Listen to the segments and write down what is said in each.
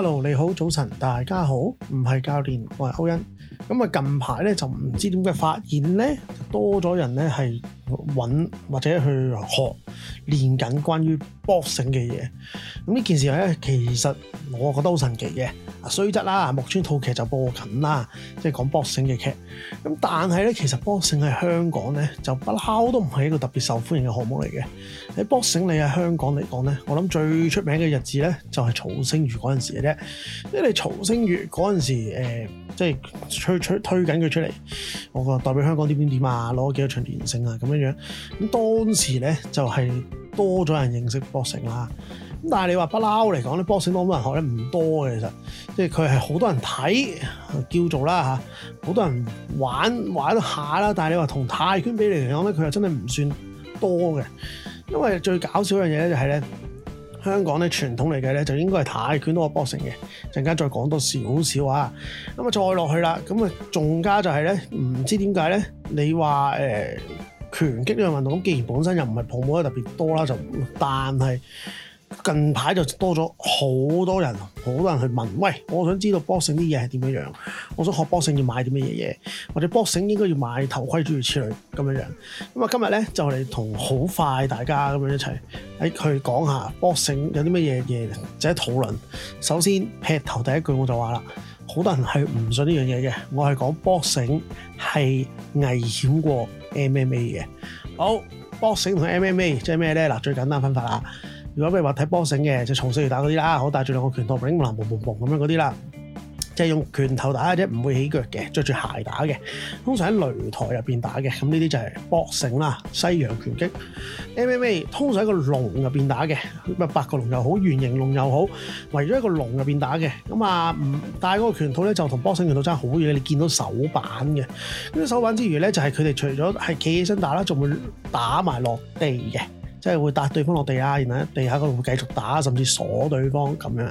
Hello，你好，早晨，大家好，唔係教練，我係歐恩。咁啊，近排咧就唔知點解發現咧，多咗人咧係揾或者去學練緊關於 boxing 嘅嘢。咁呢件事咧，其實我覺得好神奇嘅。雖質啦，木村套劇就播緊啦，即係講 boxing 嘅劇。咁但係咧，其實 boxing 喺香港咧就不孬都唔係一個特別受歡迎嘅項目嚟嘅。喺 boxing 你喺香港嚟講咧，我諗最出名嘅日子咧就係、是、曹星如嗰陣時嘅啫。因為曹星如嗰陣時、呃、即係吹。推推緊佢出嚟，我個代表香港點點點啊，攞幾多場連勝啊，咁樣樣咁當時咧就係、是、多咗人認識 boxing 啦。咁但係你話不嬲嚟講咧，boxing 都冇人學咧，唔多嘅其實，即係佢係好多人睇叫做啦嚇，好多人玩玩下啦。但係你話同泰拳比嚟嚟講咧，佢又真係唔算多嘅，因為最搞笑一樣嘢咧就係、是、咧。香港咧傳統嚟嘅咧，就應該係太拳多個 b o 嘅。陣間再講多少少啊。咁啊，再落去啦。咁啊，仲加就係、是、咧，唔知點解咧，你話誒拳擊呢樣運動，咁既然本身又唔係泡沫得特別多啦，就但係，近排就多咗好多人，好多人去問，喂，我想知道 boxing 啲嘢係點樣樣。我想學 boxing 要買啲咩嘢嘢，或者 boxing 應該要買頭盔諸如此類咁樣樣。咁啊，今日咧就嚟同好快大家咁樣一齊喺佢講下 boxing 有啲咩嘢嘢，值得討論。首先劈頭第一句我就話啦，好多人係唔信呢樣嘢嘅。我係講 boxing 係危險過 MMA 嘅。好，boxing 同 MMA 即係咩咧？嗱，最簡單分法啦。如果譬如話睇波 o 嘅，就從四條打嗰啲啦，好帶住兩個拳套，boom 啦 b o 咁樣嗰啲啦，即係用拳頭打啫，唔會起腳嘅，着住鞋打嘅。通常喺擂台入邊打嘅，咁呢啲就係波 o 啦，西洋拳擊。MMA 通常喺個籠入邊打嘅，乜八個籠又好，圓形籠又好，唯咗一個籠入邊打嘅。咁啊，帶嗰個拳套咧就同波 o 拳套差好遠，你見到手板嘅。嗰啲手板之餘咧，就係佢哋除咗係企起身打啦，仲會打埋落地嘅。即係會搭對方落地啊，然後喺地下嗰度會繼續打，甚至鎖對方咁樣。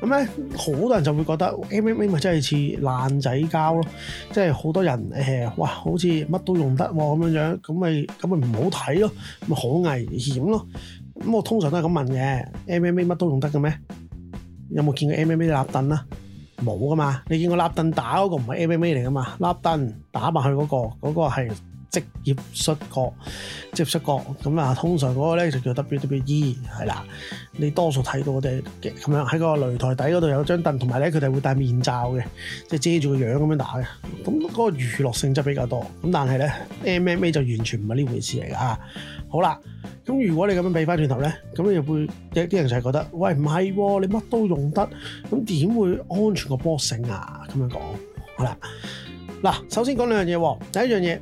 咁咧好多人就會覺得 MMA 咪真係似爛仔交咯，即係好多人誒哇，好似乜都用得喎咁樣樣，咁咪咁咪唔好睇咯，咪好危險咯。咁我通常都係咁問嘅，MMA 乜都用得嘅咩？有冇見過 MMA 啲立凳啊？冇噶嘛，你見過立凳打嗰個唔係 MMA 嚟噶嘛？立凳打埋去嗰個，嗰個係。職業摔角，職業摔角咁啊，通常嗰個咧就叫 WWE 係啦。你多數睇到我哋嘅咁樣喺嗰個擂台底嗰度有張凳，同埋咧佢哋會戴面罩嘅，即係遮住個樣咁樣打嘅。咁嗰個娛樂性質比較多。咁但係咧，MMA 就完全唔係呢回事嚟㗎嚇。好啦，咁如果你咁樣比翻轉頭咧，咁你會有啲人就係覺得喂，唔係你乜都用得，咁點會安全過 Boxing 啊？咁樣講好啦。嗱，首先講兩樣嘢，第一樣嘢。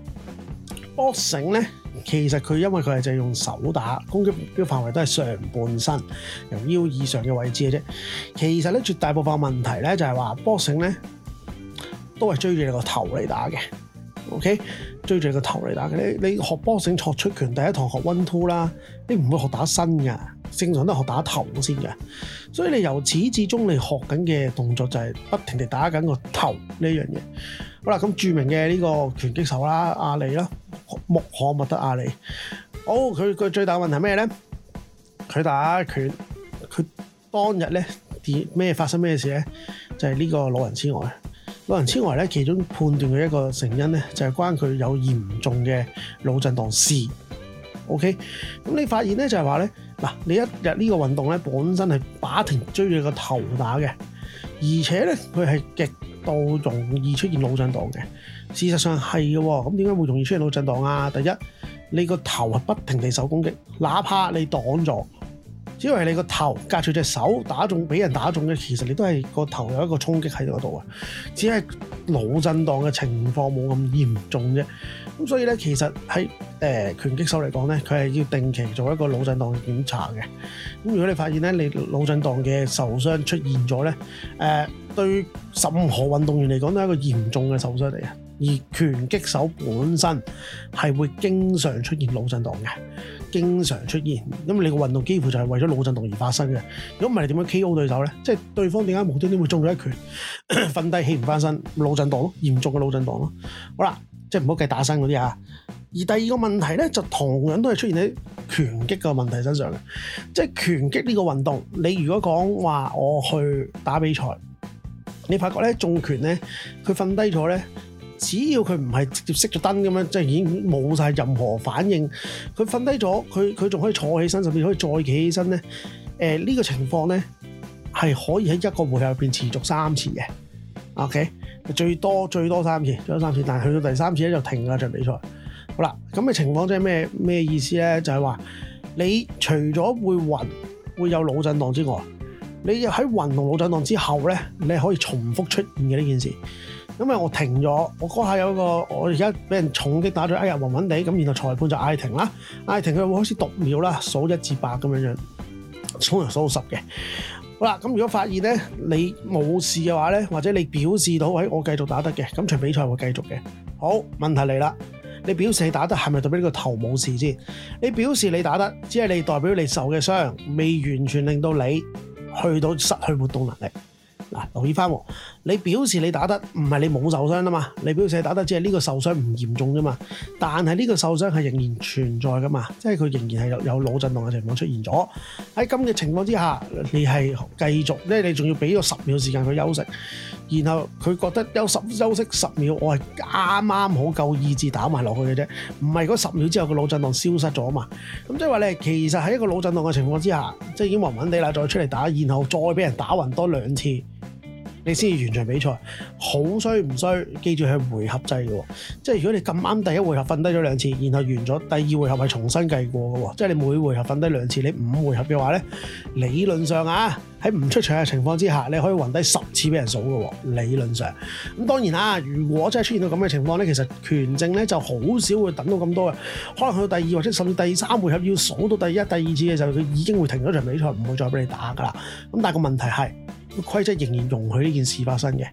波繩咧，其實佢因為佢係就用手打，攻擊目標範圍都係上半身，由腰以上嘅位置嘅啫。其實咧，絕大部分問題咧就係話波繩咧都係追住你個頭嚟打嘅。OK，追住你個頭嚟打嘅。你你學波繩戳出拳第一堂學 one two 啦，你唔會學打身㗎，正常都係學打頭先㗎。所以你由始至終你學緊嘅動作就係不停地打緊個頭呢樣嘢。好啦，咁著名嘅呢個拳擊手啦，阿里啦，穆罕默德阿里。哦，佢佢最大問題咩咧？佢打拳，佢當日咧跌咩發生咩事咧？就係呢個老人痴呆。老人痴呆咧，其中判斷嘅一個成因咧，就係關佢有嚴重嘅腦震盪事。OK，咁你發現咧就係話咧，嗱，你一日呢個運動咧本身係把拳追住個頭打嘅，而且咧佢係極到容易出現腦震盪嘅，事實上係嘅喎。噉點解會容易出現腦震盪啊？第一，你個頭係不停哋受攻擊，哪怕你擋咗。因為你個頭隔住隻手打中，俾人打中嘅，其實你都係個頭有一個衝擊喺度啊，只係腦震盪嘅情況冇咁嚴重啫。咁所以咧，其實喺誒、呃、拳擊手嚟講咧，佢係要定期做一個腦震盪嘅檢查嘅。咁如果你發現咧你腦震盪嘅受傷出現咗咧，誒、呃、對任何運動員嚟講都係一個嚴重嘅受傷嚟嘅。而拳擊手本身係會經常出現腦震盪嘅，經常出現，因為你個運動幾乎就係為咗腦震盪而發生嘅。如果唔係點樣 K.O. 對手咧，即係對方點解無端端會中咗一拳，瞓低起唔翻身，腦震盪咯，嚴重嘅腦震盪咯。好啦，即係唔好計打生嗰啲啊。而第二個問題咧，就同樣都係出現喺拳擊嘅問題身上嘅，即係拳擊呢個運動，你如果講話我去打比賽，你發覺咧中拳咧，佢瞓低咗咧。只要佢唔係直接熄咗燈咁樣，即係已經冇晒任何反應，佢瞓低咗，佢佢仲可以坐起身，甚至可以再企起身咧。誒、呃、呢、呢個情況咧係可以喺一個回合入邊持續三次嘅，OK，最多最多三次，最多三次，但係去到第三次咧就停㗎場、就係、比賽。好啦，咁嘅情況即係咩咩意思咧？就係、係、話，你除咗會暈，會有腦震盪之外，你喺暈同腦震盪之後咧，你可以重複出現嘅呢件事。因為我停咗，我嗰下有一個我而家俾人重擊打咗哎呀，暈暈地。咁然後裁判就嗌停啦，嗌、哎、停，佢會開始讀秒啦，數一至八咁樣樣，通常數到十嘅。好啦，咁如果發現咧你冇事嘅話咧，或者你表示到，哎我繼續打得嘅，咁場比賽會繼續嘅。好，問題嚟啦，你表示你打得係咪代表呢個頭冇事先？你表示你打得，只係你代表你受嘅傷未完全令到你去到失去活動能力。啊、留意翻喎，你表示你打得唔係你冇受傷啊嘛？你表示你打得只係呢個受傷唔嚴重啫嘛，但係呢個受傷係仍然存在噶嘛，即係佢仍然係有有腦震盪嘅情況出現咗。喺咁嘅情況之下，你係繼續咧，你仲要俾個十秒時間佢休息，然後佢覺得休十休息十秒，我係啱啱好夠意志打埋落去嘅啫，唔係嗰十秒之後個腦震盪消失咗啊嘛。咁、嗯、即係話你其實喺一個腦震盪嘅情況之下，即係已經暈暈地啦，再出嚟打，然後再俾人打暈多兩次。你先至完場比賽，好衰唔衰？記住係回合制嘅，即係如果你咁啱第一回合瞓低咗兩次，然後完咗第二回合係重新計過嘅，即係你每回合瞓低兩次，你五回合嘅話呢，理論上啊喺唔出場嘅情況之下，你可以暈低十次俾人數嘅，理論上。咁當然啦、啊，如果真係出現到咁嘅情況呢，其實拳證呢就好少會等到咁多嘅，可能去到第二或者甚至第三回合要數到第一、第二次嘅時候，佢已經會停咗場比賽，唔會再俾你打㗎啦。咁但係個問題係。規則仍然容許呢件事發生嘅，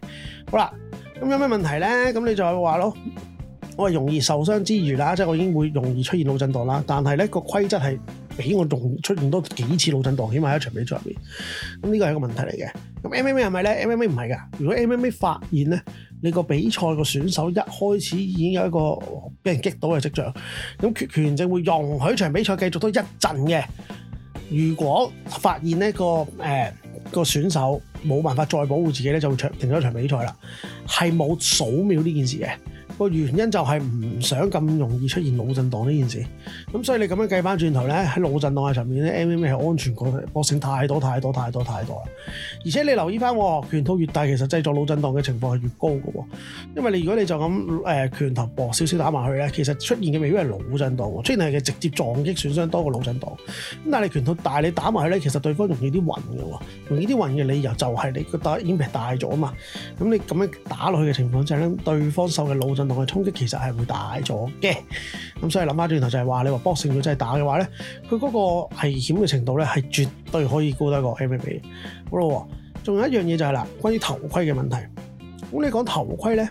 好啦，咁有咩問題呢？咁你就話咯，我係容易受傷之餘啦，即係我已經會容易出現腦震盪啦，但係呢個規則係比我仲出現多幾次腦震盪，起碼喺場比賽入面，咁呢個係一個問題嚟嘅。咁 MMA 係咪呢？MMA 唔係噶，如果 MMA 發現呢，你個比賽個選手一開始已經有一個俾人擊倒嘅跡象，咁拳證會容許場比賽繼續多一陣嘅。如果發現呢、呢個、呃、選手，冇辦法再保護自己咧，就會停咗一場比賽啦。係冇數秒呢件事嘅。個原因就係唔想咁容易出現腦震盪呢件事，咁所以你咁樣計翻轉頭咧，喺腦震盪嘅層面咧 MMA 係安全過 Boxing 太多太多太多太多啦。而且你留意翻喎，拳套越大，其實製作腦震盪嘅情況係越高嘅喎。因為你如果你就咁誒、呃、拳頭薄少少打埋去咧，其實出現嘅未必係腦震盪喎，最緊係直接撞擊損傷多過腦震盪。咁但係你拳套大，你打埋去咧，其實對方容易啲暈嘅喎。容易啲暈嘅理由就係你個打 impact 大咗啊嘛。咁你咁樣打落去嘅情況就係、是、咧，對方受嘅腦震。運動嘅衝擊其實係會大咗嘅，咁所以諗翻轉頭就係話，你話 Boxing 如真係打嘅話咧，佢嗰個危險嘅程度咧係絕對可以高得過 MMA，好咯。仲有一樣嘢就係啦，關於頭盔嘅問題。咁你講頭盔咧？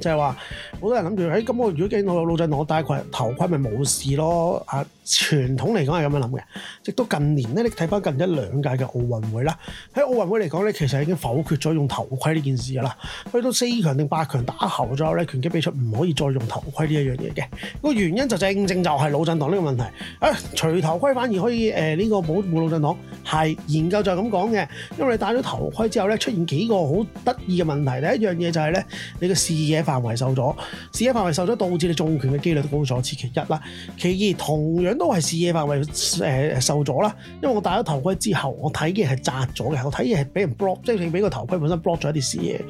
就係話，好多人諗住，咁、欸、我如果驚我有腦震盪，戴個頭盔咪冇事咯。啊，傳統嚟講係咁樣諗嘅。直到近年咧，你睇翻近一兩屆嘅奧運會啦，喺奧運會嚟講咧，其實已經否決咗用頭盔呢件事啦。去到四強定八強打後之後咧，拳擊比賽唔可以再用頭盔呢一樣嘢嘅。個原因就正正就係腦震盪呢個問題。啊，除頭盔反而可以呢、呃這個冇冇護腦震盪係研究就係咁講嘅。因為你戴咗頭盔之後咧，出現幾個好得意嘅問題。第一樣嘢就係咧，你嘅視野範圍受咗視野範圍受咗，導致你中拳嘅幾率高咗。此其一啦，其二同樣都係視野範圍誒受咗啦。因為我戴咗頭盔之後，我睇嘅係窄咗嘅，我睇嘅係俾人 block，即係你俾個頭盔本身 block 咗一啲視野。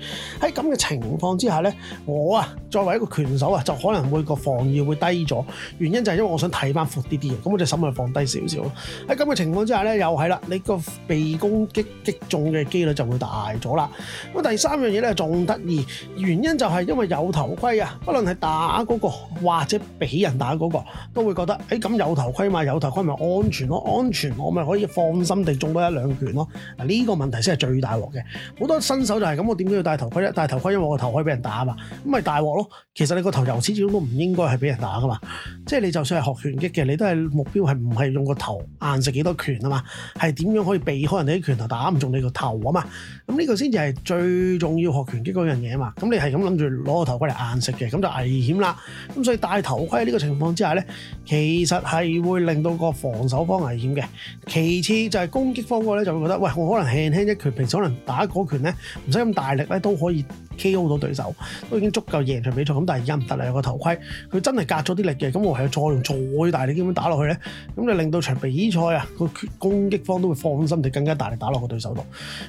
喺咁嘅情況之下咧，我啊作為一個拳手啊，就可能會個防御會低咗。原因就係因為我想睇翻闊啲啲嘢，咁我就稍微放低少少咯。喺咁嘅情況之下咧，又係啦，你個被攻擊擊中嘅幾率就會大咗啦。咁第三樣嘢咧仲得意，原因就係因為。有頭盔啊，不論係打嗰個或者俾人打嗰、那個，都會覺得誒咁、欸、有頭盔嘛，有頭盔咪安全咯，安全我咪可以放心地中多一兩拳咯。嗱、啊、呢、這個問題先係最大鑊嘅。好多新手就係咁，我點解要戴頭盔咧？戴頭盔因為我個頭可以俾人打嘛，咁咪大鑊咯。其實你個頭由始至終都唔應該係俾人打噶嘛。即、就、係、是、你就算係學拳擊嘅，你都係目標係唔係用個頭硬食幾多拳啊嘛？係點樣可以避開人哋啲拳頭打唔中你個頭啊嘛？咁呢個先至係最重要學拳擊嗰樣嘢啊嘛。咁你係咁諗住個頭盔係硬食嘅，咁就危險啦。咁所以戴頭盔呢個情況之下咧，其實係會令到個防守方危險嘅。其次就係攻擊方嗰個咧，就會覺得喂，我可能輕輕一拳，平時可能打嗰拳咧唔使咁大力咧都可以 K.O. 到對手，都已經足夠贏了場比賽。咁但係而家唔得啦，有個頭盔，佢真係隔咗啲力嘅。咁我係再用再大力咁樣打落去咧？咁就令到場比賽啊個攻擊方都會放心地更加大力打落個對手度。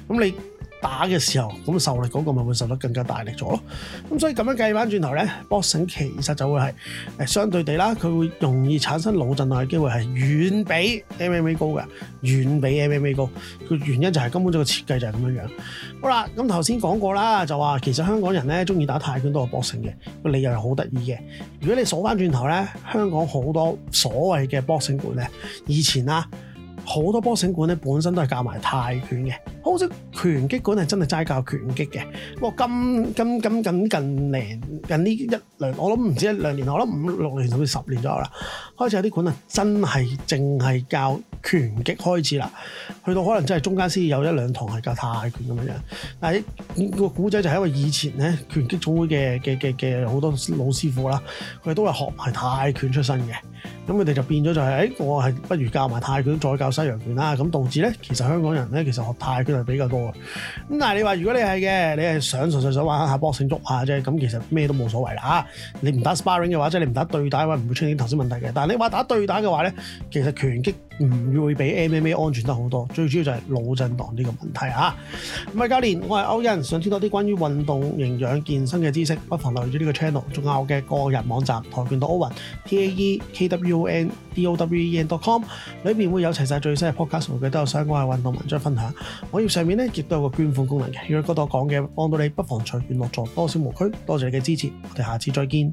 咁你，打嘅時候，咁受力嗰個咪會受得更加大力咗咯。咁所以咁樣計翻轉頭咧，boxing 其實就會係誒相對地啦，佢會容易產生腦震盪嘅機會係遠比 MMA 高嘅，遠比 MMA 高。佢原因就係根本就個設計就係咁樣樣。好啦，咁頭先講過啦，就話其實香港人咧中意打泰拳多過 boxing 嘅，個理由係好得意嘅。如果你數翻轉頭咧，香港好多所謂嘅 boxing 館咧，以前啊～好多波醒館咧，本身都係教埋泰拳嘅。好似拳擊館係真係齋教拳擊嘅。不過，咁咁咁近近，近年近呢一兩，我諗唔止一兩年，我諗五六年甚至十年左右啦。開始有啲館啊，真係淨係教拳擊開始啦。去到可能真係中間先有一兩堂係教泰拳咁樣。但係個古仔就係因為以前咧，拳擊總會嘅嘅嘅嘅好多老師傅啦，佢哋都係學埋泰拳出身嘅。咁佢哋就變咗就係、是，誒、欸，我係不如教埋泰拳，再教西洋拳啦。咁導致咧，其實香港人咧，其實學泰拳係比較多嘅。咁但係你話如果你係嘅，你係想純粹想玩下 boxing、郁下啫，咁其實咩都冇所謂啦。嚇，你唔打 sparring 嘅話，即係你唔打對打嘅話，唔會出現頭先問題嘅。但係你話打對打嘅話咧，其實拳擊，唔會比 MMA 安全得好多，最主要就係腦震盪呢個問題啊！唔教練，我係歐雲，想知多啲關於運動、營養、健身嘅知識，不妨留意咗呢個 channel，仲有我嘅個人網站跆拳道歐雲 T A E K W O N D O W E N dot com，裏面會有齊晒最新嘅 podcast，佢都有相關嘅運動文章分享。網頁上面咧亦都有個捐款功能嘅，如果覺得我講嘅幫到你，不妨隨便落座多少無區，多謝你嘅支持，我哋下次再見。